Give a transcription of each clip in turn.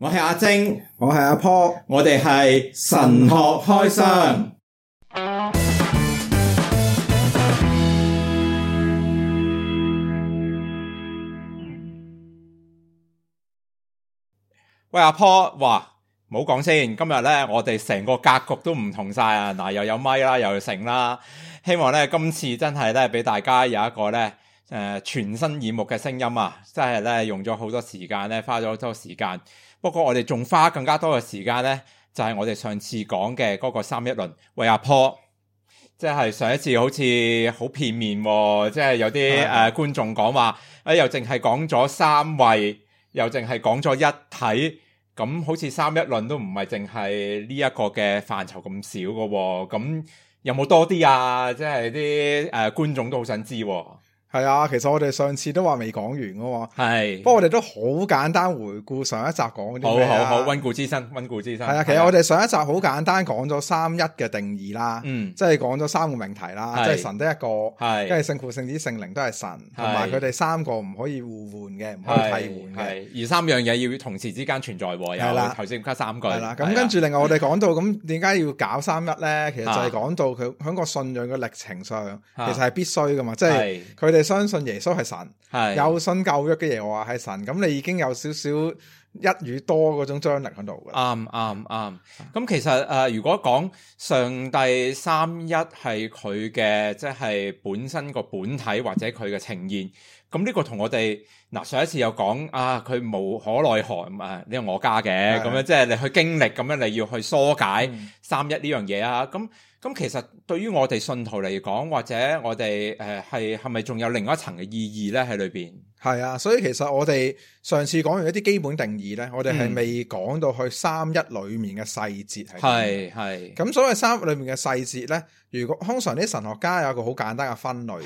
我係阿晶，我係阿坡，我哋係神學開箱。喂，阿坡，話唔好講先。今日咧，我哋成個格局都唔同晒啊！嗱，又有咪啦，又有成啦，希望咧今次真係咧俾大家有一個咧誒、呃，全新耳目嘅聲音啊！真係咧用咗好多時間咧，花咗好多時間。不過我哋仲花更加多嘅時間呢，就係、是、我哋上次講嘅嗰個三一論喂，啊、Paul，即係上一次好似好片面、哦，即係有啲誒、嗯呃、觀眾、哎、講話，誒又淨係講咗三位，又淨係講咗一體，咁好似三一論都唔係淨係呢一個嘅範疇咁少嘅、哦，咁有冇多啲啊？即係啲誒觀眾都好想知、哦。係啊，其實我哋上次都話未講完噶，係，不過我哋都好簡單回顧上一集講啲咩啦。好，好，好，溫故知新，溫故知新。係啊，其實我哋上一集好簡單講咗三一嘅定義啦，嗯，即係講咗三個命題啦，即係神得一個，係，跟住聖父、聖子、聖靈都係神，同埋佢哋三個唔可以互換嘅，唔可以替換嘅，而三樣嘢要同時之間存在。係啦，頭先講三個。係啦，咁跟住另外我哋講到咁，點解要搞三一咧？其實就係講到佢響個信仰嘅歷程上，其實係必須噶嘛，即係佢哋。你相信耶穌係神，係有是信舊約嘅嘢，我話係神，咁你已經有少少一與多嗰種張力喺度嘅。啱啱啱，咁、嗯嗯嗯、其實誒、呃，如果講上帝三一係佢嘅，即、就、係、是、本身個本體或者佢嘅呈現。咁呢個同我哋嗱上一次有講啊，佢無可奈何啊，呢個我家嘅咁是的 樣，即係你去經歷咁樣，你要去疏解三一呢樣嘢啊。咁咁、嗯、其實對於我哋信徒嚟講，或者我哋誒係係咪仲有另一層嘅意義咧喺裏邊？係啊，所以其實我哋上次講完一啲基本定義咧，我哋係未講到去三一裏面嘅細節。係係咁，的所謂三一裏面嘅細節咧，如果通常啲神學家有一個好簡單嘅分類。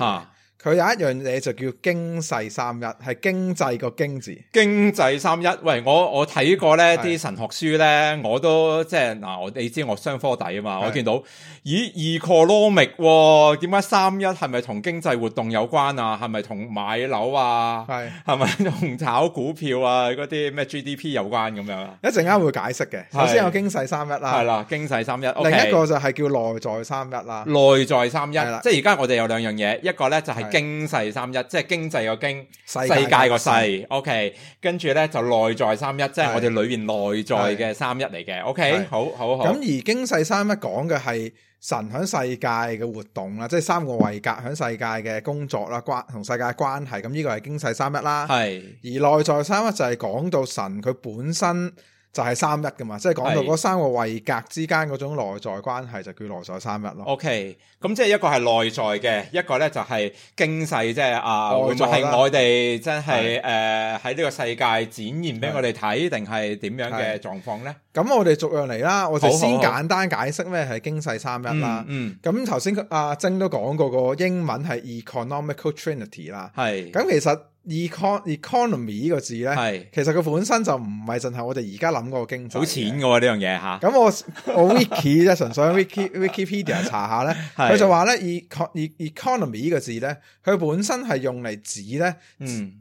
佢有一樣嘢就叫經濟三一，係經濟個經字。經濟三一，喂，我我睇過呢啲神的學書呢，我都即係嗱，我、啊、你知我雙科底啊嘛，的我見到咦 economic 點解三一係咪同經濟活動有關啊？係咪同買樓啊？係係咪同炒股票啊？嗰啲咩 GDP 有關咁樣？一陣間會解釋嘅。首先有經濟三一啦，係啦，經濟三一，另一個就係叫內在三一啦，內在三一，即係而家我哋有兩樣嘢，一個呢就係。經濟三一，即係經濟個經，世界個世，OK，跟住呢就內在三一，的即係我哋裏邊內在嘅三一嚟嘅，OK，好，好，好。咁而經世三一講嘅係神喺世界嘅活動啦，即係三個位格喺世界嘅工作啦，關同世界關係，咁呢個係經世三一啦。係的，而內在三一就係講到神佢本身。就係三一噶嘛，即係講到嗰三個位格之間嗰種內在關係，就叫內在三一咯。O K，咁即係一個係內在嘅，一個咧就係經世，即係啊會唔會係我哋真係誒喺呢個世界展現俾我哋睇，定係點樣嘅狀況咧？咁我哋逐樣嚟啦，我哋先簡單解釋咩係經世三一啦、嗯。嗯，咁頭先阿晶都講過個英文係 economical Trinity 啦，係的。咁其實。econ，economy 呢個字咧，係是其實佢本身就唔係淨係我哋而家諗嗰個經濟，好淺嘅喎呢樣嘢吓。咁、啊、我我 wiki 咧， 純粹 wiki，wikipedia 查下咧，佢就話咧 econ，economy 呢個字咧，佢本身係用嚟指咧，嗯，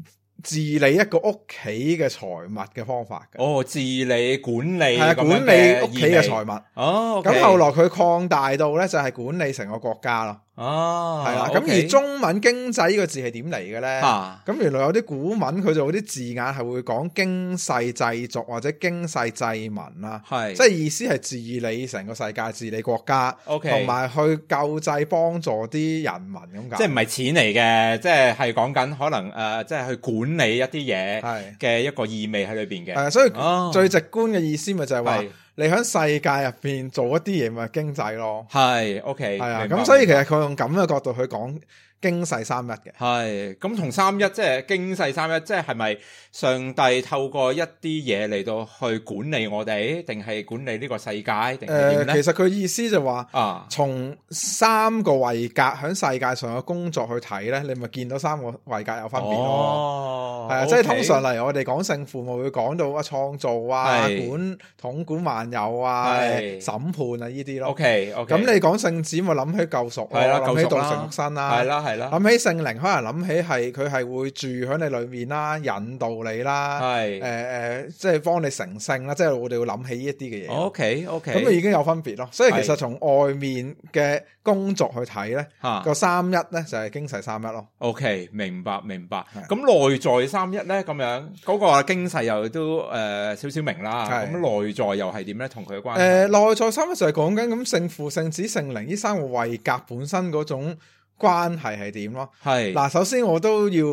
治理一個屋企嘅財物嘅方法。哦，治理管理係啊，管理屋企嘅財物。哦，咁、okay、後來佢擴大到咧，就係管理成個國家咯。哦，係啦，咁而中文經濟呢個字係點嚟嘅咧？咁、啊、原來有啲古文佢就嗰啲字眼係會講經世制作或者經世濟民啦，係是，即係意思係治理成個世界、治理國家，OK，同埋去救濟幫助啲人民咁解，即係唔係錢嚟嘅，即係係講緊可能誒，即係去管理一啲嘢嘅一個意味喺裏邊嘅，係所以最直觀嘅意思咪就係話、啊。啊你喺世界入邊做一啲嘢，咪經濟咯。係，OK，係啊的。咁白所以其實佢用咁嘅角度去講。經世三一嘅，係咁同三一即係經世三一，即係係咪上帝透過一啲嘢嚟到去管理我哋，定係管理呢個世界，定係點咧？其實佢意思就話，啊，從三個位格喺世界上嘅工作去睇咧，你咪見到三個位格有分別咯。係啊，即係通常嚟我哋講聖父，咪會講到啊創造啊，管統管萬有啊，審判啊呢啲咯。O K，O K，咁你講聖子，咪諗起救贖，係啦，諗起道成肉身啦，係啦，係。諗起聖靈，可能諗起係佢係會住喺你裏面啦，引導你啦，係誒誒，即係幫你成聖啦，即係我哋會諗起呢一啲嘅嘢。O K O K，咁就已經有分別咯。是所以其實從外面嘅工作去睇咧，個、啊、三一咧就係經世三一咯。O K，明白明白。咁是內在三一咧，咁樣嗰、那個經世又都誒少少明啦。咁是內在又呢係點咧？同佢嘅關係誒，內在三一就係講緊咁聖父、聖子、聖靈呢三個位格本身嗰種。關係係點咯？係嗱是，首先我都要。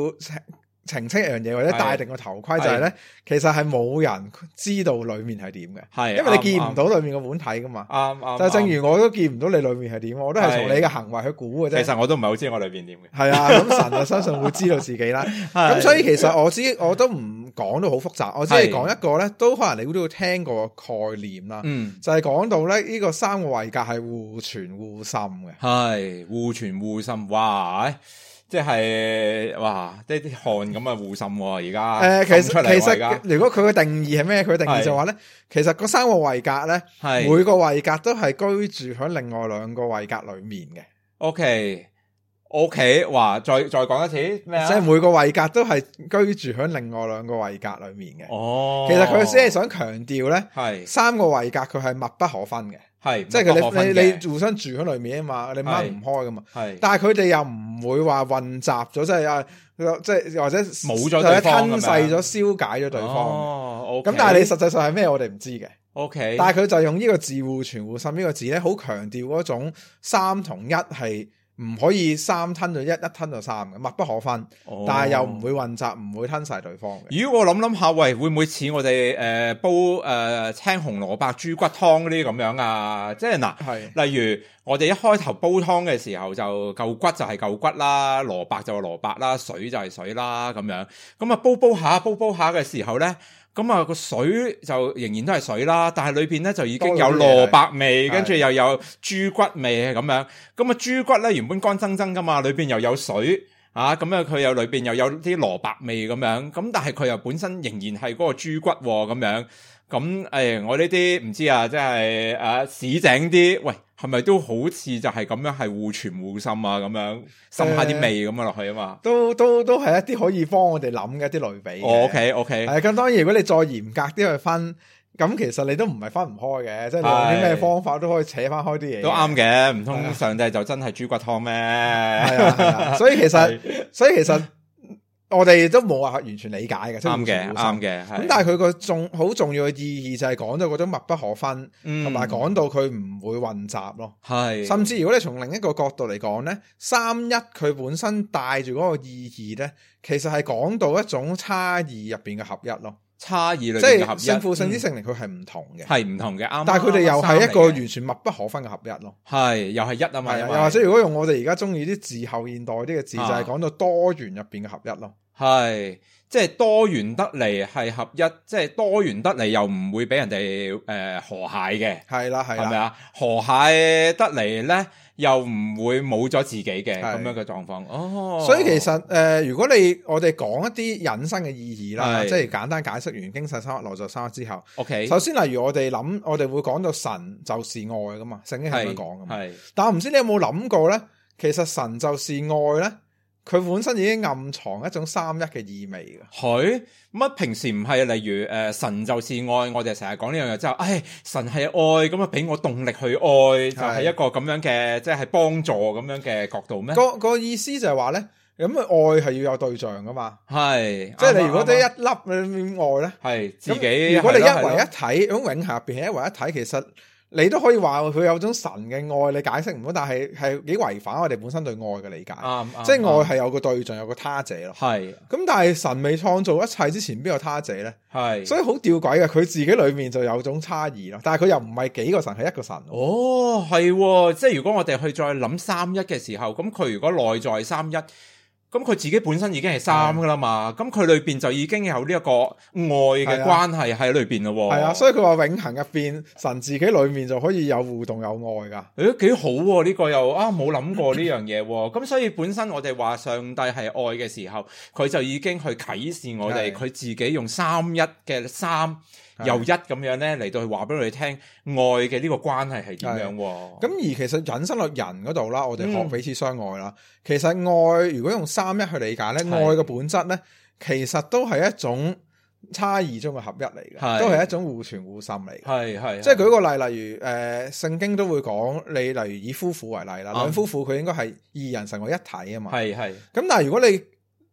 澄清一樣嘢或者戴定個頭盔就係咧，其實係冇人知道裡面係點嘅，係因為你見唔到裡面個本體噶嘛。啱啱就正如我都見唔到你裡面係點，我都係從你嘅行為去估嘅啫。其實我都唔係好知我裏面點嘅。係啊，咁神就相信會知道自己啦。咁所以其實我知我都唔講都好複雜，我只係講一個咧，都可能你都會聽過概念啦。嗯，就係講到咧呢個三個位格係互存互滲嘅，係互存互滲。哇！即係哇，即係啲汗咁啊，互滲喎而家。誒、呃，其實其實如果佢嘅定義係咩？佢定義就話咧，是其實個三個位格咧，係是每個位格都係居住喺另外兩個位格裏面嘅。O K O K，話，再再講一次咩？即係每個位格都係居住喺另外兩個位格裏面嘅。哦，其實佢先係想強調咧，係是三個位格佢係密不可分嘅。係，是即係你你你互相住喺裏面啊嘛，你掹唔開噶嘛。係，但係佢哋又唔會話混雜咗，即係啊，即係或者冇咗對方，或者吞噬咗、消解咗對方。哦，咁、okay、但係你實際上係咩？我哋唔知嘅。O K，但係佢就用呢個互存、互滲呢個字咧，好強調嗰種三同一係。唔可以三吞就一，一吞就三嘅，密不可分。哦、但係又唔會混雜，唔會吞晒對方嘅。如果我諗諗下，喂，會唔會似我哋誒、呃、煲誒、呃、青紅蘿蔔豬骨湯嗰啲咁樣啊？即係嗱，是例如我哋一開頭煲湯嘅時候，就舊骨就係舊骨啦，蘿蔔就係蘿蔔啦，水就係水啦，咁樣。咁、嗯、啊煲煲下，煲煲下嘅時候咧。咁啊，個水就仍然都係水啦，但係裏邊咧就已經有蘿蔔味，跟住又有豬骨味咁樣。咁啊，豬骨咧原本乾爭爭噶嘛，裏邊又有水啊，咁啊佢又裏邊又有啲蘿蔔味咁樣。咁但係佢又本身仍然係嗰個豬骨喎，咁樣。咁誒，我呢啲唔知啊，即係誒市井啲，喂，係咪都好似就係咁樣，啊、樣，係互傳互滲啊，咁樣滲下啲味咁啊落去啊嘛，都都都係一啲可以幫我哋諗嘅一啲類比。O K O K，係咁，當然如果你再嚴格啲去分，咁其實你都唔係分唔開嘅，即、就、係、是、用啲咩方法都可以扯翻、哎、開啲嘢。都啱嘅，唔通上帝是的 就就真係豬骨湯咩？係啊， 所以其實，所以其實。我哋都冇話完全理解嘅，啱嘅的，啱嘅。咁但係佢個重好重要嘅意義就係講到嗰種密不可分，同埋講到佢唔會混雜咯。係的，甚至如果你從另一個角度嚟講咧，三一佢本身帶住嗰個意義咧，其實係講到一種差異入邊嘅合一咯。差異裏邊嘅合一，聖父聖子聖靈佢係唔同嘅，係唔、嗯、同嘅，啱。但係佢哋又係一個完全密不可分嘅合一咯。係、嗯，又係一啊嘛。的為又或者如果用我哋而家中意啲字後現代啲嘅字，啊、就係講到多元入邊嘅合一咯。係，即係多元得嚟係合一，即係多元得嚟又唔會俾人哋誒和諧嘅。係啦，係啦，係咪啊？和諧得嚟咧。又唔會冇咗自己嘅咁是樣嘅狀況。哦、oh，所以其實誒、呃，如果你我哋講一啲引申嘅意義啦，是即係簡單解釋完經世三一、內在三一之後，OK。首先，例如我哋諗，我哋會講到神就是愛噶嘛，聖經係咁樣講噶嘛。是但係唔知你有冇諗過咧？其實神就是愛咧。佢本身已經暗藏一種三一嘅意味嘅，佢乜平時唔係例如誒神就是愛，我哋成日講呢樣嘢之後，誒神係愛，咁啊俾我動力去愛，就係一個咁樣嘅，即係幫助咁樣嘅角度咩？個個意思就係話咧，咁啊愛係要有對象噶嘛，係，即係你如果得一粒愛咧，係自己，如果你一位一體響永恆入邊，一位一體其實。你都可以話佢有種神嘅愛，你解釋唔到，但係係幾違反我哋本身對愛嘅理解。Um, um, um, 即係愛係有個對象，有個他者咯。係的，咁但係神未創造一切之前，邊有他者呢？係的，所以好吊詭嘅，佢自己裏面就有種差異咯。但係佢又唔係幾個神，係一個神。哦，係，即係如果我哋去再諗三一嘅時候，咁佢如果內在三一。咁佢自己本身已經係三噶啦嘛，咁佢是的 裏邊就已經有呢一個愛嘅關係喺裏邊咯、哦。係啊，所以佢話永恆入邊神自己裏面就可以有互動有愛噶。誒，幾好喎、啊、呢、呢個又啊冇諗過呢樣嘢。咁 所以本身我哋話上帝係愛嘅時候，佢就已經去啟示我哋，佢是的 自己用三一嘅三。是由一咁樣咧嚟到去話俾我哋聽愛嘅呢個關係係點樣？咁而其實引申落人嗰度啦，我哋學彼此相愛啦。嗯、其實愛如果用三一去理解咧，愛嘅本質咧，其實都係一種差異中嘅合一嚟嘅，是都係一種互存互滲嚟嘅。係係。即係舉個例，例如誒，聖經都會講你例如以夫婦為例啦，兩是夫婦佢應該係二人成為一體啊嘛。係係。咁但係如果你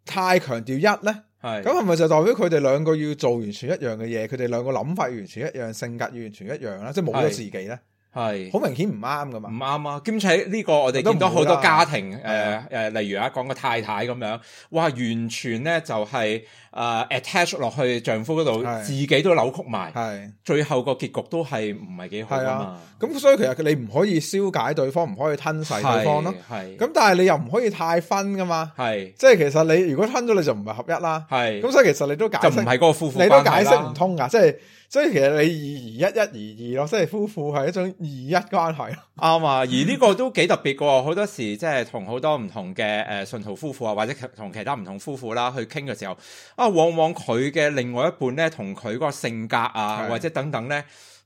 太強調一咧。咁係咪就代表佢哋兩個要做完全一樣嘅嘢，佢哋兩個諗法完全一樣，性格完全一樣啦，即係冇咗自己呢？係，好明顯唔啱噶嘛，唔啱啊！兼且呢個我哋見到好多家庭，誒誒，例如啊，講個太太咁樣，哇，完全咧就係誒 attach 落去丈夫嗰度，自己都扭曲埋，係，最後個結局都係唔係幾好噶嘛。咁所以其實你唔可以消解對方，唔可以吞噬對方咯。係，咁但係你又唔可以太分噶嘛。係，即係其實你如果吞咗，你就唔係合一啦。係，咁所以其實你都解釋唔係嗰個夫婦，你都解釋唔通噶，即係。所以其實你二而一一而二咯，即係夫婦係一種二一關係咯。啱啊，而呢個都幾特別噶，好、嗯、多時即係同好多唔同嘅誒信徒夫婦啊，或者同其他唔同夫婦啦去傾嘅時候，啊，往往佢嘅另外一半咧，同佢嗰個性格啊，是 或者等等咧，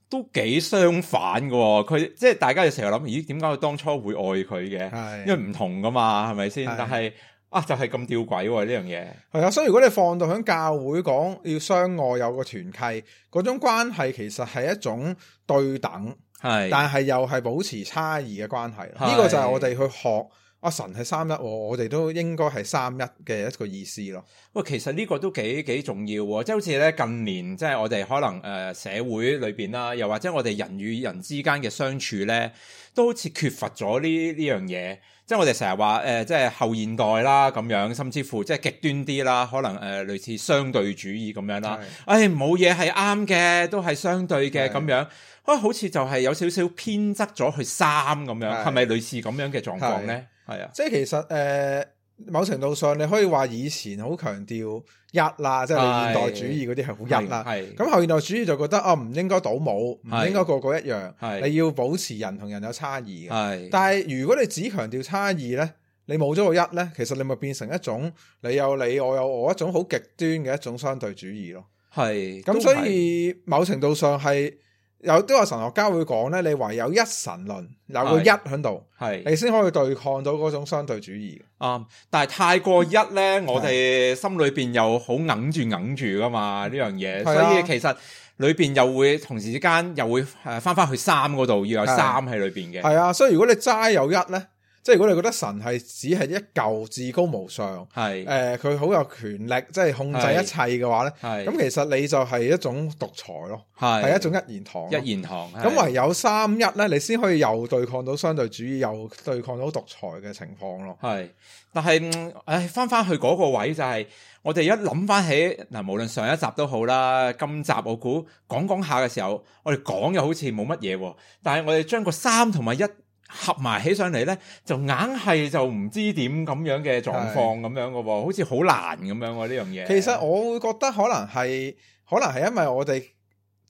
都幾相反噶、哦。佢即係大家成日諗，咦，點解佢當初會愛佢嘅？是 因為唔同噶嘛，係咪先？是 但係。啊！就係、是、咁吊詭喎呢樣嘢，係啊，所以如果你放到響教會講，要相愛有個團契，嗰種關係其實係一種對等，係是，但係又係保持差異嘅關係，呢是個就係我哋去學。阿、啊、神係三一、哦，我我哋都應該係三一嘅一個意思咯。喂，其實呢個都幾幾重要，即係好似咧近年，即係我哋可能誒、呃、社會裏邊啦，又或者我哋人與人之間嘅相處咧，都好似缺乏咗呢呢樣嘢。即係我哋成日話誒，即係後現代啦咁樣，甚至乎即係極端啲啦，可能誒、呃、類似相對主義咁樣啦。誒是，冇嘢係啱嘅，都係相對嘅咁是樣。啊，好似就係有少少偏側咗去三咁樣，係咪類似咁樣嘅狀況咧？係啊，即係其實誒、呃，某程度上你可以話以前好強調一啦，的即係你現代主義嗰啲係好一啦，係咁後現代主義就覺得啊唔應該倒冇，唔應該個，個個一樣，係你要保持人同人有差異嘅，係。的但係如果你只強調差異咧，你冇咗個一咧，其實你咪變成一種你有你我有我一種好極端嘅一種相對主義咯，係的。咁所以某程度上係。有都話神學家會講咧，你唯有一神論有個一喺度，係是的 你先可以對抗到嗰種相對主義。啱，嗯，但係太過一咧，是的 我哋心裏邊又好揞住揞住噶嘛呢樣嘢，是的 所以其實裏邊又會同時之間又會誒翻翻去三嗰度，要有三喺裏邊嘅。係啊，所以如果你齋有一咧。即係如果你覺得神係只係一舊至高無上，係誒佢好有權力，即係控制一切嘅話咧，咁是、嗯、其實你就係一種獨裁咯，係是一種一言堂。一言堂咁唯有三一咧，你先可以又對抗到相對主義，又對抗到獨裁嘅情況咯。係，但係誒翻翻去嗰個位就係、是、我哋一諗翻起嗱，無論上一集都好啦，今集我估講講下嘅時候，我哋講又好似冇乜嘢，但係我哋將個三同埋一。合埋起上嚟咧，就硬係就唔知點咁樣嘅狀況咁樣嘅，好似好難咁樣呢樣嘢。其實我會覺得可能係，可能係因為我哋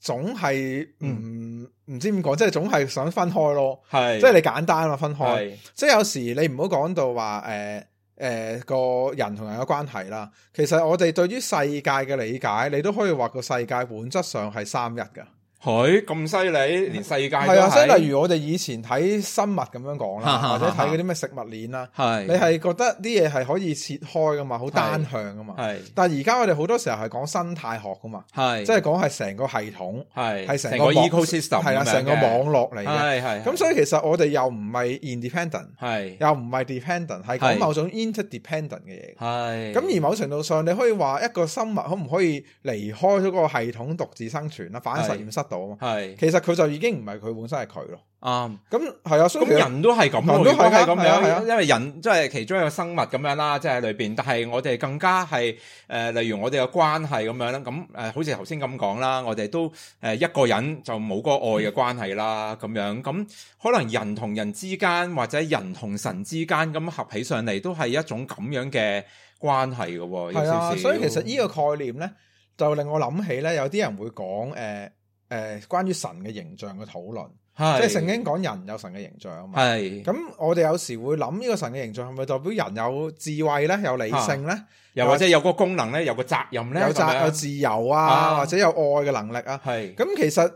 總係唔唔知點講，即係總係想分開咯。係是即係你簡單啊，分開。是即係有時你唔好講到話誒誒個人同人嘅關係啦。其實我哋對於世界嘅理解，你都可以話個世界本質上係三一㗎。佢咁犀利，連世界都係啊！即係例如我哋以前睇生物咁樣講啦，或者睇嗰啲咩食物鏈啦，係你係覺得啲嘢係可以切開噶嘛，好單向噶嘛，係。但係而家我哋好多時候係講生態學噶嘛，係，即係講係成個系統，係，係成個 ecosystem，係啊，成個網絡嚟嘅，係係。咁所以其實我哋又唔係 independent，係，又唔係 dependent，係講某種 interdependent 嘅嘢，係。咁而某程度上，你可以話一個生物可唔可以離開咗個系統獨自生存啦？反實驗室。係，是其實佢就已經唔係佢本身係佢咯。啊，咁係啊，咁、啊、所以人都係咁，人都係咁樣，係啊，啊因為人即係其中一個生物咁樣啦，即、就、係、是、裏邊。但係我哋更加係誒、呃，例如我哋嘅關係咁樣啦，咁誒、呃，好似頭先咁講啦，我哋都誒、呃、一個人就冇個愛嘅關係啦，咁樣咁可能人同人之間或者人同神之間咁合起上嚟，都係一種咁樣嘅關係噶。係、啊、所以其實呢個概念咧，就令我諗起咧，有啲人會講誒。呃誒，關於神嘅形象嘅討論，的即係聖經講人有神嘅形象啊嘛。係的，咁我哋有時會諗呢個神嘅形象係咪代表人有智慧咧，有理性咧，又或者有個功能咧，有個責任咧，有責有自由啊，啊或者有愛嘅能力啊。係的，咁其實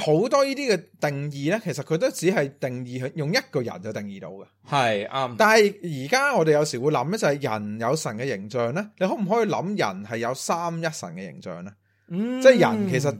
好多呢啲嘅定義咧，其實佢都只係定義用一個人就定義到嘅。係啱的。但係而家我哋有時會諗咧，就係人有神嘅形象咧，你可唔可以諗人係有三一神嘅形象咧？嗯、即係人其實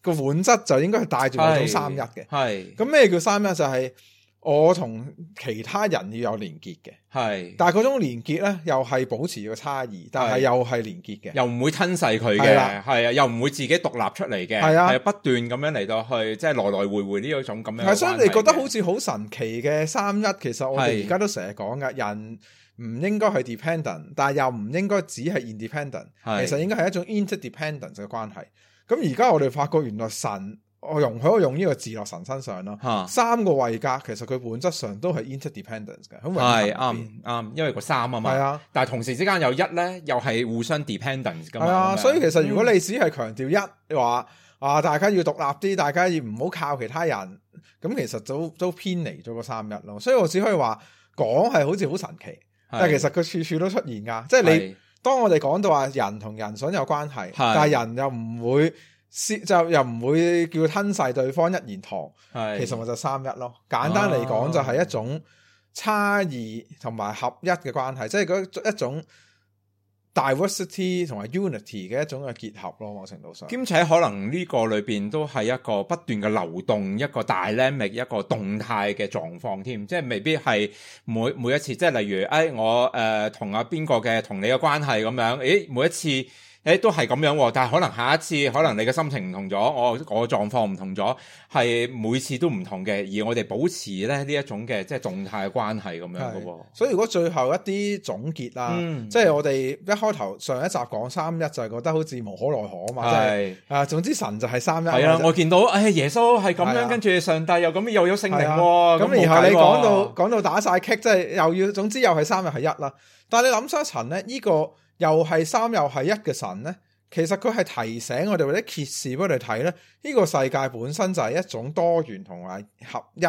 個本質就應該係帶住嗰種三一嘅，係咁咩叫三一就係、是、我同其他人要有連結嘅，係是，但係嗰種連結咧又係保持個差異，但係又係連結嘅，又唔會吞噬佢嘅，係啊的，又唔會自己獨立出嚟嘅，係啊的，係不斷咁樣嚟到去，即、就、係、是、來來回回呢一種咁樣，所以你覺得好似好神奇嘅三一，其實我哋而家都成日講㗎人。唔應該係 dependent，但係又唔應該只係 independent，是其實應該係一種 interdependent 嘅關係。咁而家我哋發覺原來神，我容許我用呢個字落神身上咯。哈三個位格其實佢本質上都係 interdependence 嘅，喺維護入邊。係啱啱，因為個三啊嘛。係啊，但係同時之間有一咧，又係互相 dependent 㗎嘛。係啊，嗯。所以其實如果你只係強調一，你話啊大家要獨立啲，大家要唔好靠其他人，咁其實都都偏離咗個三一咯。所以我只可以話講係好似好神奇。但係是其實佢處處都出現噶，即係你是當我哋講到話人同人想有關係，是但係人又唔會，就又唔會叫吞噬對方一言堂，是其實我就三一咯。簡單嚟講就係一種差異同埋合一嘅關係，哦、即係一種。diversity 同埋 unity 嘅一種嘅結合咯，某程度上兼且可能呢個裏邊都係一個不斷嘅流動，一個 dynamic 一個動態嘅狀況，添即係未必係每每一次，即係例如誒、哎、我誒同阿邊個嘅同你嘅關係咁樣，誒每一次。誒，都係咁樣，但係可能下一次，可能你嘅心情唔同咗，我我狀況唔同咗，係每次都唔同嘅，而我哋保持咧，呢一種嘅即係動態嘅關係咁樣嘅喎。所以如果最後一啲總結啦，即係我哋一開頭上一集講三一就係覺得好似無可奈何啊嘛，係啊，總之神就係三一係啦。我見到誒耶穌係咁樣，跟住上帝又咁又有聖靈，咁然後你講到講到打晒劇，即係又要總之又係三又係一啦。但係你諗深一層咧，呢個。又係三又係一嘅神呢，其實佢係提醒我哋或者揭示俾我哋睇呢，呢、這個世界本身就係一種多元同埋合一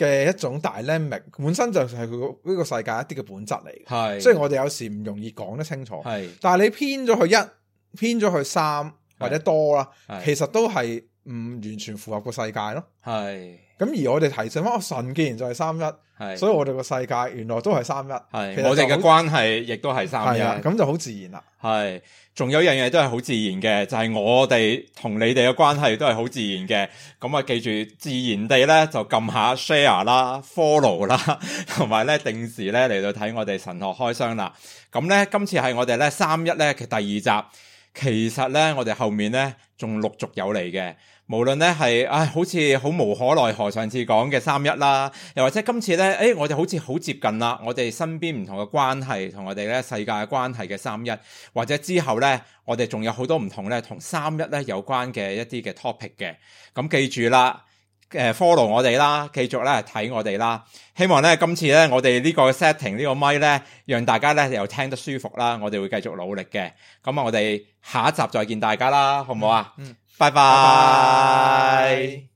嘅一種 dynamic，本身就係佢呢個世界一啲嘅本質嚟。係是，所以我哋有時唔容易講得清楚。係是，但係你偏咗去一，偏咗去三或者多啦，是其實都係。唔完全符合個世界咯，係是。咁而我哋提醒翻，神既然就係三一，1, 是所以我哋個世界原來都係三一，1, 是我哋嘅關係亦都係三一，咁、啊、就好自然啦。係，仲有一樣嘢都係好自然嘅，就係、是、我哋同你哋嘅關係都係好自然嘅。咁啊，記住自然地咧就撳下 share 啦，follow 啦，同埋咧定時咧嚟到睇我哋神學開箱啦。咁咧今次係我哋咧三一咧嘅第二集，其實咧我哋後面咧仲陸續有嚟嘅。無論咧係，唉、哎，好似好無可奈何。上次講嘅三一啦，又或者今次咧，誒、哎，我哋好似好接近啦。我哋身邊唔同嘅關係，同我哋咧世界嘅關係嘅三一，或者之後咧，我哋仲有好多唔同咧，同三一咧有關嘅一啲嘅 topic 嘅。咁記住啦，誒、呃，follow 我哋啦，繼續咧睇我哋啦。希望咧今次咧，我哋呢個 setting 呢個咪咧，讓大家咧又聽得舒服啦。我哋會繼續努力嘅。咁啊，我哋下一集再見大家啦，好唔好啊、嗯？嗯。拜拜。